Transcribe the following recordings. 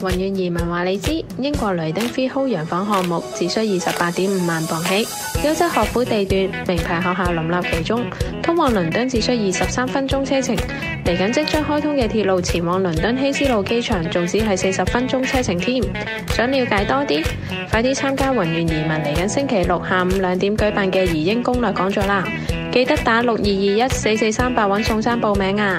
宏遠移民話你知，英國雷丁飛豪洋房項目只需二十八點五萬鎊起，優質學府地段，名牌學校林立其中，通往倫敦只需二十三分鐘車程，嚟緊即將開通嘅鐵路前往倫敦希斯路機場，仲只係四十分鐘車程添。想了解多啲，快啲參加宏遠移民嚟緊星期六下午兩點舉辦嘅移英攻略講座啦！記得打六二二一四四三八搵宋生報名啊！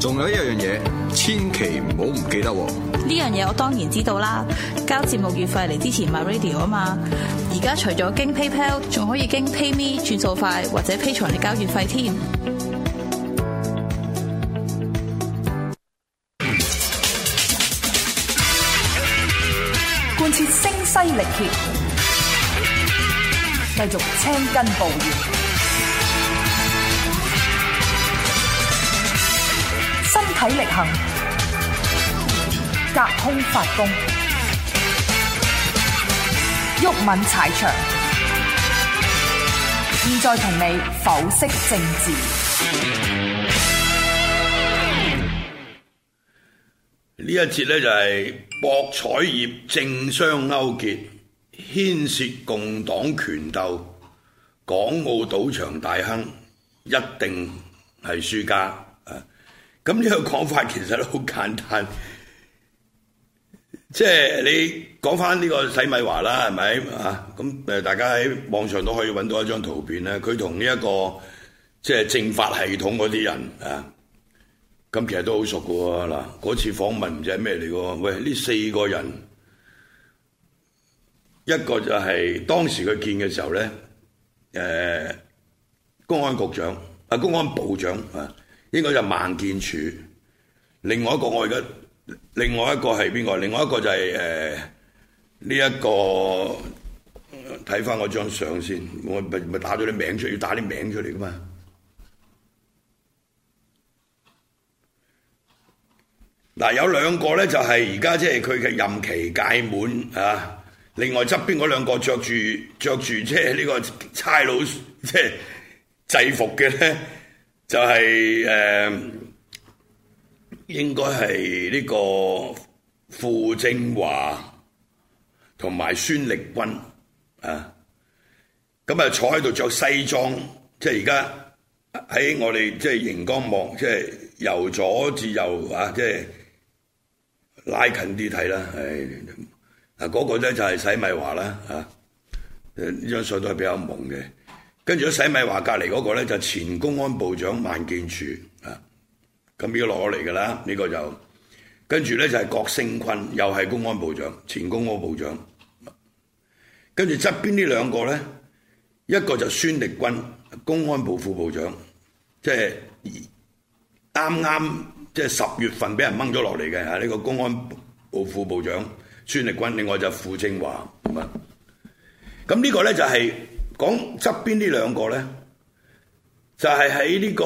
仲有一樣嘢，千祈唔好唔記得喎！呢樣嘢我當然知道啦，交節目月費嚟支持 MyRadio 啊嘛！而家除咗經 PayPal，仲可以經 PayMe 轉數快或者 Patreon 嚟交月費添。貫徹聲嘶力竭，繼續青筋暴現。體力行，隔空發功，毓民踩場。現在同你剖析政治。呢一節呢，就係博彩業政商勾結，牽涉共黨權鬥，港澳賭場大亨一定係輸家。咁呢個講法其實都好簡單，即 係、就是、你講翻呢個洗米華啦，係咪啊？咁誒，大家喺網上都可以揾到一張圖片咧，佢同呢一個即係政法系統嗰啲人啊，咁、啊、其實都好熟嘅喎。嗱、啊，嗰次訪問唔知係咩嚟嘅喎？喂、啊，呢四個人，一個就係當時佢見嘅時候咧，誒、啊，公安局長啊，公安部長啊。應該就萬建柱，另外一個我而家，另外一個係邊個？另外一個就係誒呢一個，睇翻我張相先，我咪咪打咗啲名出嚟，要打啲名出嚟噶嘛？嗱、啊，有兩個咧，就係而家即係佢嘅任期屆滿啊！另外側邊嗰兩個着住着住即係呢個差佬即係制服嘅咧。就係、是、誒、呃，應該係呢、這個傅政華同埋孫力軍啊，咁啊坐喺度着西裝，即係而家喺我哋即係熒光幕，即係由左至右啊，即係拉近啲睇啦。係、哎、嗱，嗰、那個咧就係、是、洗米華啦嚇，誒、啊、呢張相都係比較朦嘅。跟住喺洗米華隔籬嗰個咧就是、前公安部長孟建柱啊，咁要落咗嚟噶啦，呢、這個就跟住咧就係、是、郭聲琨又係公安部長，前公安部長，啊、跟住側邊呢兩個咧，一個就孫力軍公安部副部長，即係啱啱即係十月份俾人掹咗落嚟嘅吓，呢、啊這個公安部副部長孫力軍，另外就傅政華，咁啊，咁、啊、呢個咧就係、是。講側邊呢兩個咧，就係喺呢個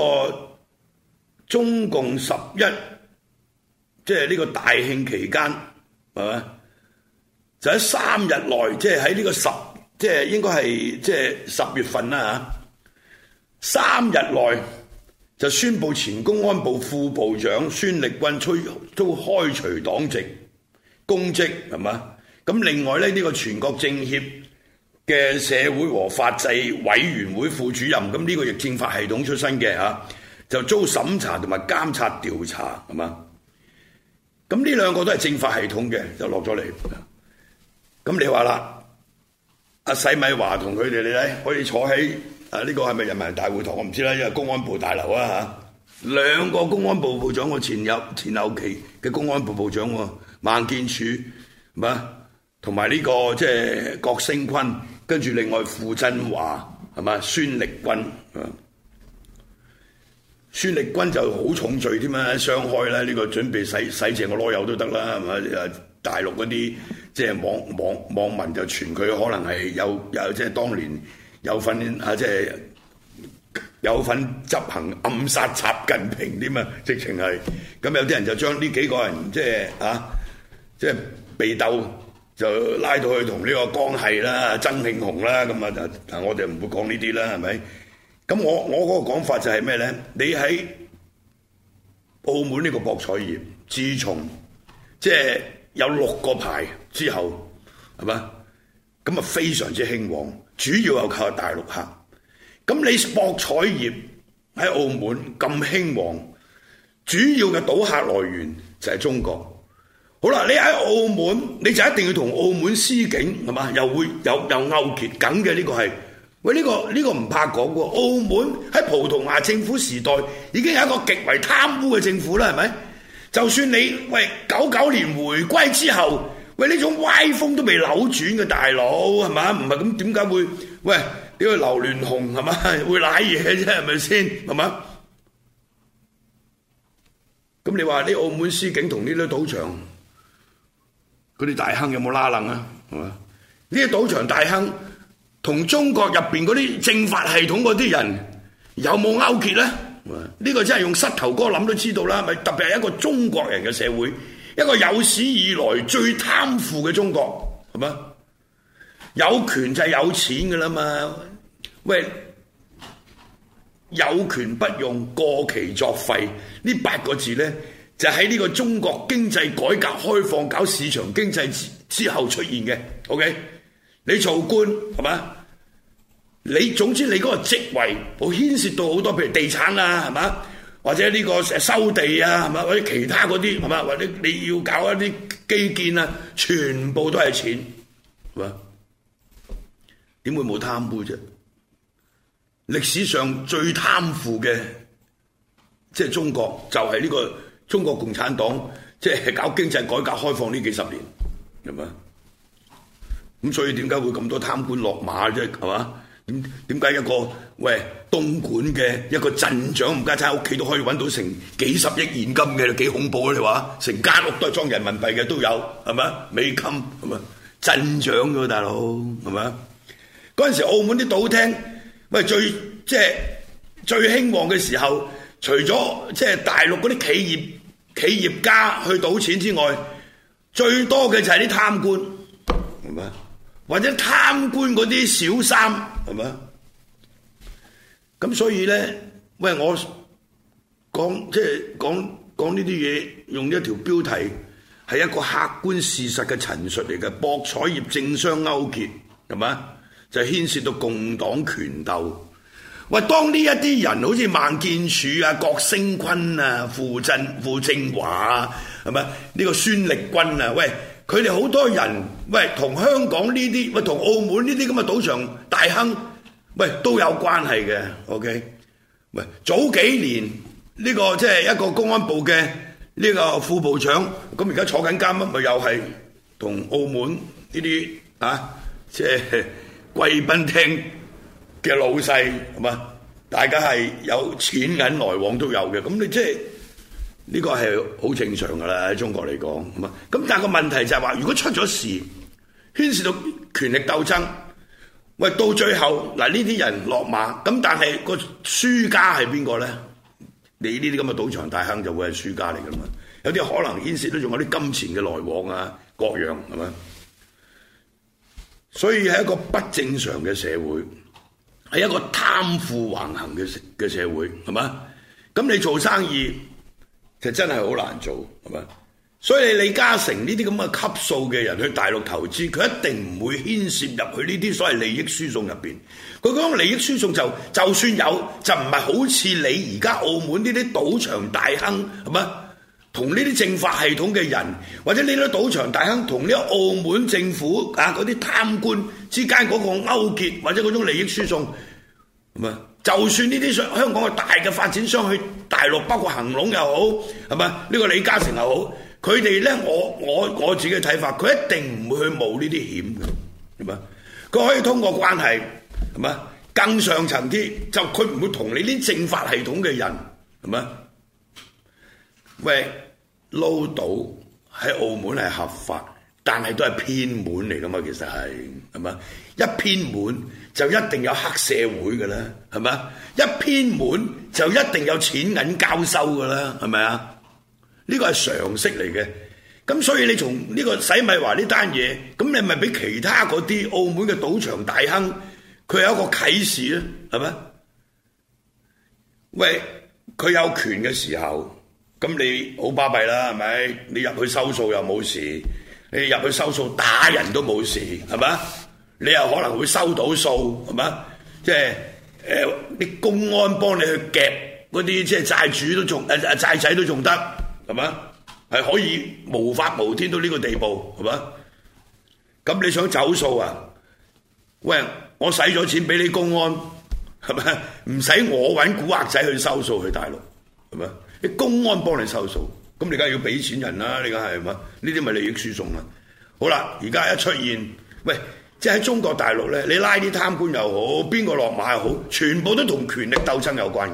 中共十一，即係呢個大慶期間，係嘛？就喺三日內，即係喺呢個十，即係應該係即係十月份啦嚇。三日內就宣布前公安部副部長孫力軍催遭開除黨籍、公職，係嘛？咁另外咧，呢個全國政協。嘅社會和法制委員會副主任，咁、這、呢個亦政法系統出身嘅吓，就遭審查同埋監察調查，係嘛？咁呢兩個都係政法系統嘅，就落咗嚟。咁你話啦，阿、啊、洗米華同佢哋，你睇可以坐喺啊？呢、這個係咪人民大會堂我唔知啦，因為公安部大樓啊吓。兩個公安部部長，我前有前後期嘅公安部部長，孟建柱，係嘛？同埋呢個即係、就是、郭聲琨。跟住另外傅振華係嘛，孫力軍，孫力軍就好重罪添啊，傷害啦呢個準備洗洗淨個囉柚都得啦，係嘛？誒，大陸嗰啲即係網網網民就傳佢可能係有有即係當年有份,有份執有啊，即係有份執行暗殺習近平添啊，直情係咁有啲人就將呢幾個人即係啊，即係被鬥。就拉到去同呢個江係啦、曾慶紅啦，咁啊就，但我哋唔會講呢啲啦，係咪？咁我我嗰個講法就係咩咧？你喺澳門呢個博彩業，自從即係有六個牌之後，係咪？咁啊非常之興旺，主要又靠大陸客。咁你博彩業喺澳門咁興旺，主要嘅賭客來源就係中國。好啦，你喺澳門你就一定要同澳門司警係嘛，又會又又勾結梗嘅，呢個係喂，呢個呢個唔怕講喎，澳門喺葡萄牙政府時代已經有一個極為貪污嘅政府啦，係咪？就算你喂九九年回歸之後，喂呢種歪風都未扭轉嘅大佬係嘛，唔係咁點解會喂點會流亂紅係嘛，會瀨嘢啫係咪先係嘛？咁你話呢，澳門司警同呢啲賭場？嗰啲大亨有冇拉楞啊？係嘛？呢啲賭場大亨同中國入邊嗰啲政法系統嗰啲人有冇勾結咧？呢 個真係用膝頭哥諗都知道啦。咪特別係一個中國人嘅社會，一個有史以來最貪腐嘅中國，係嘛？有權就係有錢噶啦嘛。喂，有權不用過期作廢呢八個字咧。就喺呢個中國經濟改革開放搞市場經濟之之後出現嘅，OK？你做官係嘛？你總之你嗰個職位，我牽涉到好多，譬如地產啦，係嘛？或者呢個收地啊，係嘛？或者其他嗰啲係嘛？或者你要搞一啲基建啊，全部都係錢，係嘛？點會冇貪污啫？歷史上最貪腐嘅，即係中國就係呢個。中國共產黨即係搞經濟改革開放呢幾十年，係咪？咁所以點解會咁多貪官落馬啫？係嘛？點點解一個喂東莞嘅一個鎮長唔家差喺屋企都可以揾到成幾十億現金嘅？幾恐怖啊！你話成間屋都係裝人民幣嘅都有，係咪？美金咁啊？鎮長嘅大佬係咪啊？嗰陣時澳門啲賭廳喂最即係、就是、最興旺嘅時候。除咗即係大陸嗰啲企業企業家去賭錢之外，最多嘅就係啲貪官，係咪？或者貪官嗰啲小三，係咪？咁所以咧，喂，我講即係講講呢啲嘢，用一條標題係一個客觀事實嘅陳述嚟嘅，博彩業政商勾結，係咪？就牽涉到共黨權鬥。喂，當呢一啲人好似孟建柱啊、郭聲琨啊、傅振傅政華啊，係咪呢個孫力軍啊？喂，佢哋好多人，喂，同香港呢啲，喂，同澳門呢啲咁嘅賭場大亨，喂，都有關係嘅。OK，喂，早幾年呢個即係一個公安部嘅呢個副部長，咁而家坐緊監乜，咪又係同澳門呢啲啊，即係貴賓廳嘅老細，係嘛？大家係有錢銀來往都有嘅，咁你即係呢個係好正常㗎啦。喺中國嚟講，係嘛？咁但係個問題就係話，如果出咗事，牽涉到權力鬥爭，喂，到最後嗱呢啲人落馬，咁但係個輸家係邊個咧？你呢啲咁嘅賭場大亨就會係輸家嚟㗎嘛？有啲可能牽涉到仲有啲金錢嘅來往啊，各樣係嘛？所以係一個不正常嘅社會。係一個貪腐橫行嘅社嘅社會，係嘛？咁你做生意就真係好難做，係嘛？所以你李嘉誠呢啲咁嘅級數嘅人去大陸投資，佢一定唔會牽涉入去呢啲所謂利益輸送入邊。佢講利益輸送就就算有，就唔係好似你而家澳門呢啲賭場大亨，係嘛？同呢啲政法系統嘅人，或者呢啲賭場大亨，同呢個澳門政府啊嗰啲貪官之間嗰個勾結，或者嗰種利益輸送，係嘛？就算呢啲香港嘅大嘅發展商去大陸，包括恆隆又好，係嘛？呢個李嘉誠又好，佢哋咧，我我我自己嘅睇法，佢一定唔會去冒呢啲險嘅，係嘛？佢可以通過關係，係嘛？更上層啲，就佢唔會同你啲政法系統嘅人，係嘛？喂，撈到喺澳門係合法，但係都係偏門嚟噶嘛？其實係係咪？一偏門就一定有黑社會噶啦，係咪？一偏門就一定有錢銀交收噶啦，係咪啊？呢個係常識嚟嘅，咁所以你從呢個洗米華呢單嘢，咁你咪俾其他嗰啲澳門嘅賭場大亨，佢有一個啟示啦，係咪？喂，佢有權嘅時候。咁你好巴閉啦，係咪？你入去收數又冇事，你入去收數打人都冇事，係咪啊？你又可能會收到數，係咪？即係誒啲公安幫你去夾嗰啲，即係債主都仲誒誒債仔都仲得，係咪？係可以無法無天到呢個地步，係咪？咁你想走數啊？喂，我使咗錢俾你公安，係咪？唔使我搵古惑仔去收數，去大陸，係咪？公安幫你收數，咁你梗係要俾錢人啦，你梗係係嘛？呢啲咪利益輸送啊！好啦，而家一出現，喂，即係喺中國大陸咧，你拉啲貪官又好，邊個落馬又好，全部都同權力鬥爭有關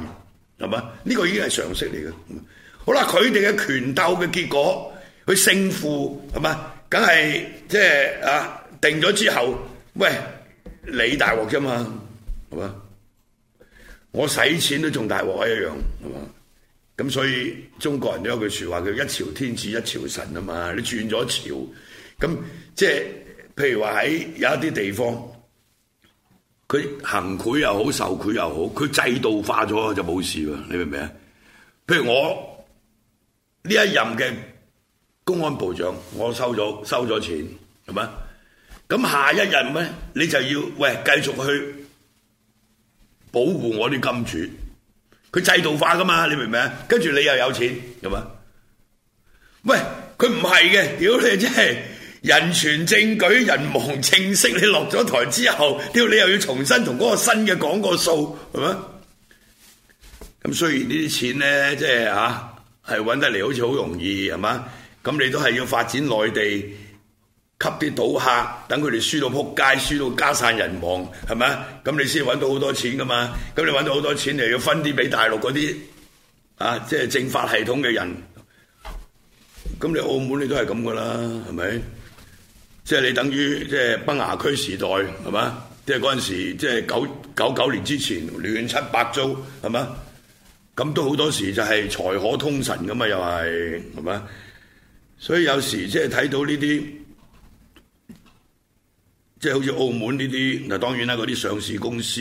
嘅，係嘛？呢個已經係常識嚟嘅。好啦，佢哋嘅權鬥嘅結果，佢勝負係嘛？梗係即係啊，定咗之後，喂，你大鑊啫嘛，係嘛？我使錢都仲大鑊一樣，係嘛？咁所以中國人都有句説話叫一朝天子一朝臣啊嘛，你轉咗朝，咁即係譬如話喺有一啲地方，佢行賄又好，受賄又好，佢制度化咗就冇事喎，你明唔明啊？譬如我呢一任嘅公安部長，我收咗收咗錢係咪？咁下一任咧，你就要喂繼續去保護我啲金主。佢制度化㗎嘛，你明唔明啊？跟住你又有錢，係嘛？喂，佢唔係嘅，屌你！真係人存政舉，人亡政息。你落咗台之後，屌你又要重新同嗰個新嘅講個數，係嘛？咁雖然呢啲錢咧，即係嚇係揾得嚟，好似好容易，係嘛？咁你都係要發展內地。吸啲賭客，等佢哋輸到撲街，輸到家散人亡，係咪啊？咁你先揾到好多錢噶嘛？咁你揾到好多錢，你要分啲俾大陸嗰啲啊，即係政法系統嘅人。咁你澳門你都係咁噶啦，係咪？即係你等於即係崩牙區時代，係咪？即係嗰陣時，即係九九九年之前亂七八糟，係咪啊？咁都好多時就係財可通神噶嘛，又係，係咪？所以有時即係睇到呢啲。即係好似澳門呢啲，嗱，當然啦，嗰啲上市公司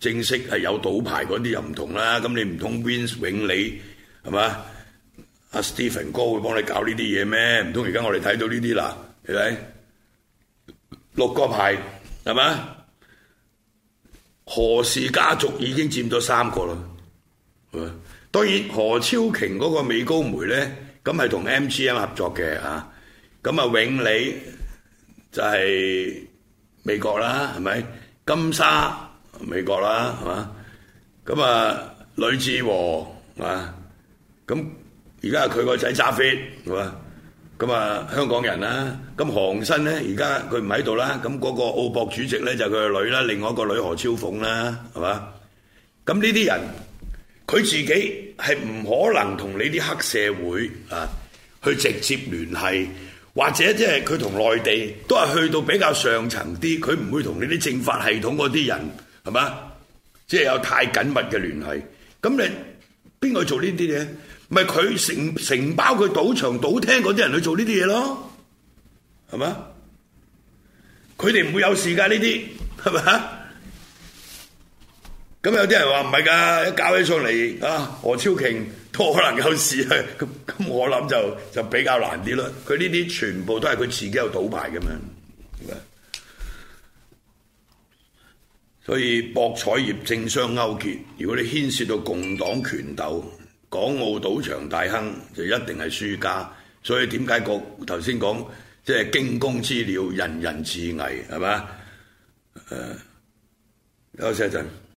正式係有賭牌嗰啲又唔同啦。咁你唔通 Wins 永利係嘛？阿 Stephen 哥會幫你搞呢啲嘢咩？唔通而家我哋睇到呢啲啦，係咪六個牌係嘛？何氏家族已經佔咗三個啦，係嘛？當然何超瓊嗰個美高梅咧，咁係同 MGM 合作嘅嚇，咁啊永利就係、是。美國啦，係咪？金沙美國啦，係嘛？咁啊，呂志和啊，咁而家佢個仔揸 fit 係嘛？咁啊，香港人啦，咁何鴻燊咧，而家佢唔喺度啦，咁嗰個澳博主席咧就佢個女啦，另外一個女何超鳳啦，係嘛？咁呢啲人，佢自己係唔可能同你啲黑社會啊去直接聯繫。或者即係佢同內地都係去到比較上層啲，佢唔會同你啲政法系統嗰啲人係嘛，即係有太緊密嘅聯繫。咁你邊個去做呢啲嘢？咪佢承承包佢賭場賭廳嗰啲人去做呢啲嘢咯，係嘛？佢哋唔會有事㗎，呢啲係咪？咁有啲人話唔係㗎，一搞起上嚟啊，何超瓊都可能有事咁咁， 我諗就就比較難啲啦。佢呢啲全部都係佢自己有賭牌㗎嘛，所以博彩業政商勾結，如果你牽涉到共黨權鬥、港澳賭場大亨，就一定係輸家。所以點解個頭先講即係驚弓之鳥，人人自危係嘛？呃，休息一陣。